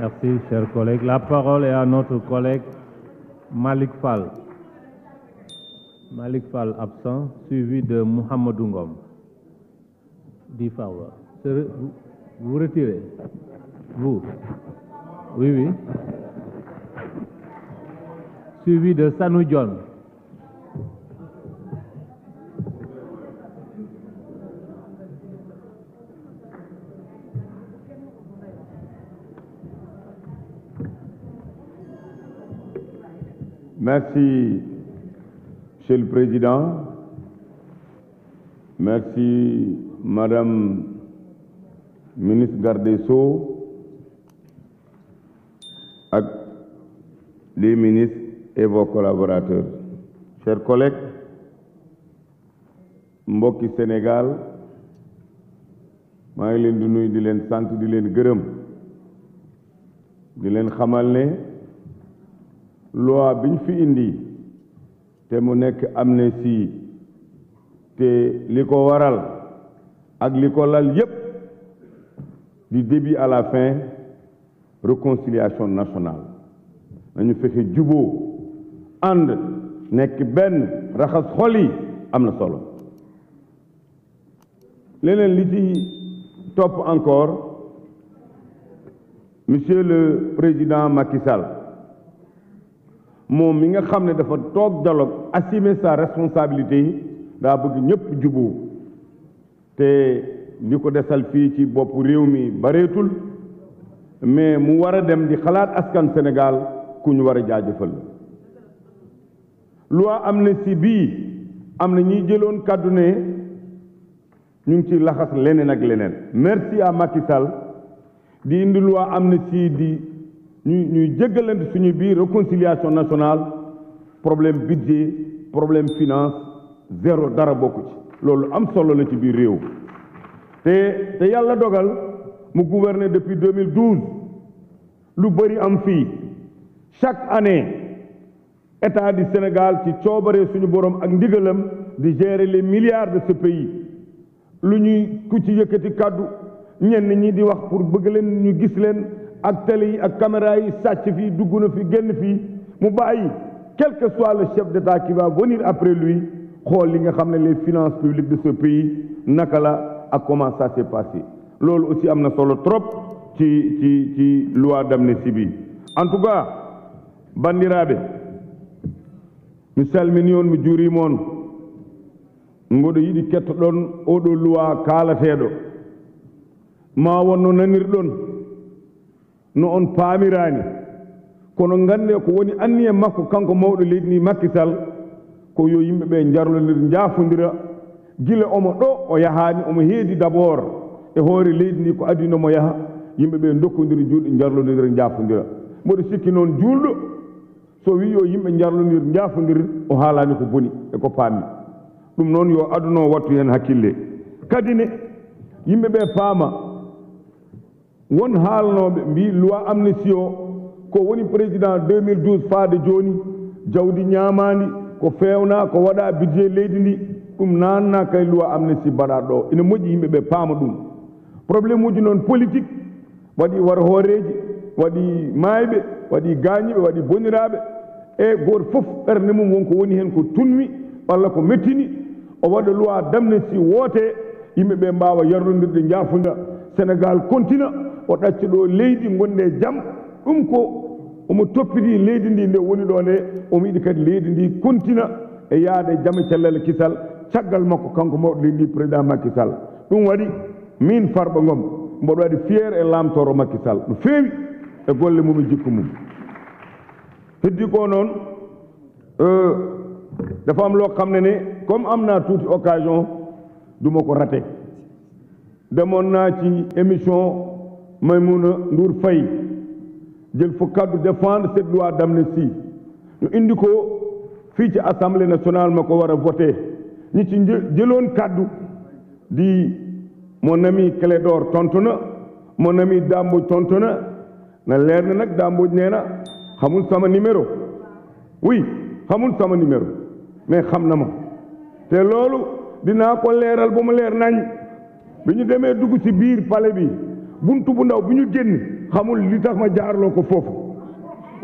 Merci, cher collègue. La parole est à notre collègue Malik Fall. absent, suivi de Mohamed Ngom. Difawa. Vous, vous retirez Vous Oui, Suivi de Sanou Merci, Monsieur Président. Merci, Madame ministre garde ak les ministres et vos collaborateurs. Chers collègues, mbokki Sénégal maa ngi leen di nuyu di leen sant di leen gërëm di leen xamal ne loi bi ñu fi indi te mu nekk amnistie te li ko waral ak li ko lal yépp du début à la fin réconciliation nationale nañu fexe juboo ànd nekk benn raxas xol am na solo leneen li ci topp encore monsieur le président Macky moom mi nga xam ne dafa toog dialogue assumer sa responsabilité yi daa bëgg ñëpp juboo te li ko desal fii ci bopp réew mi bareetul mais mu war a dem di xalaat askan Sénégal ku ñu war a jaajëfal na si bii am na ñuy jëloon kàddu ne ñu ngi ci laxas leneen ak leneen merci à Macky di indi loi amnistie di ñu ñuy jéggalante suñu biir réconciliation nationale problème budget problème finance zéro dara bokku ci loolu am solo la ci biir réew te te yàlla dogal mu gouverner depuis 2012 lu bëri am fii chaque année état du Sénégal ci coobaree suñu borom ak ndigalam di gérer les milliards de ce pays lu ñuy ku ci yëkkati kàddu ñenn ñi di wax pour bëgg ñu gis leen ak télé yi ak caméra sacc sàcc fii dugg na fi génn fii mu bàyyi quel que soit le chef de qui va venir après lui xool li nga xam ne les finance publiques de ce pays naka la ak comment ça s'est loolu aussi am na solo trop ci ci ci loi d'amnistie bi en tout cas bandiraɓe mi salmini on mi juurima on mboɗo yiɗi kettoɗon oɗo loi kaalateɗo ma wonno nanirɗon no on paamirani kono ngannde ko woni anniye makko kanko mawɗo leydi ndi makkisal ko yo yimɓe ɓe jarlodir jaafodira gila omo ɗo o yahaani omo heedi d' e hoore leydi ndi ko adino mo yaha yimɓe ɓe dokkodira juulɗe jarlodira jaafodira mboɗo sikki noon juulɗo so wi yo yimɓe jarlodir jaafodir o haalaani ko boni e ko paammi ɗum noon yo adunoo wattu heen hakkille kadi yimɓe ɓe paama won haalnoɓe mbi loi amnesty o ko woni président 2012 faade joni jawdi ñamadi ko fewna ko waɗa budget leydi ndi ɗum nanna kay loi amnesty mbaɗaɗo ɗo ina moƴƴi yimɓeɓe paama ɗum probléme uji noon waɗi wara hooreji waɗi maayɓe waɗi gaañiɓe waɗi boniraaɓe e gooto fof ɓernde mum wonko woni heen ko tunmi walla ko mettini o waɗa loi damne woote yimɓe ɓe mbaawa yarrondirde jaafunda sénégal kontina o ɗacca ɗo leydi gonne jaam ɗum ko omo toppiti leydi ndi nde woni ɗo nde omo yiɗi kadi leydi ndi kontina e yaade jama cellal kisal caggal makko kanko mawɗo leydi ndi président makky ɗum waɗi min farɓe ngom mboɗo waɗi fiére e lamtoro makky no feewi e golle mum e jikku mum heddi ko noon e, dafa am loo xam ne ne comme am naa tuuti occasion duma ko rate demoon naa ci émission Maimouna Ndour Faye jël fa kàddu défendre cette loi d'amnistie ñu indi ko fii ci assemblée nationale ma ko war a voté ñi ci jëloon kàddu di mon ami Clédor tontu na mon ami Damboj tontu na na leer na nag Damboj nee na xamul sama numéro oui xamul sama numéro mais xam na ma te loolu dinaa ko leeral ba mu leer nañ bi ñu demee dugg ci biir pale bi bunt bu ndaw bu ñu génn xamul li tax ma jaarloo ko foofu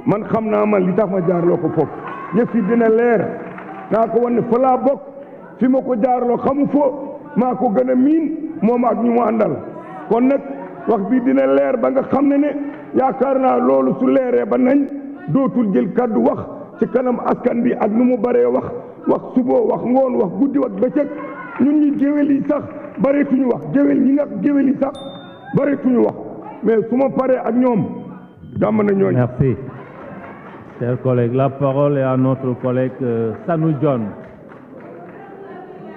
man xam naa man li tax ma jaarloo ko foofu yëf yi dina leer naa ko wan ne fa bokk fi ma ko jaarloo xamu foo maa ko gën a miin moom ak ñu mu àndal kon nag wax bi dina leer ba nga xam ne ne yaakaar naa loolu su leeree ba nañ dootul jël kàddu wax ci kanam askan bi ak nu mu baree wax wax suboo wax ngoon wax guddi wax bëccëg ñun ñi géwél yi sax bareetuñu wax géwél ñi nga géwél sax bëreetuñu wax mais su ma paree ak ñoom jàmm na ñooñu. merci chers collègues la parole est à notre collègue euh, Sanou John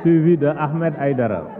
suivi de Ahmed Aïdara.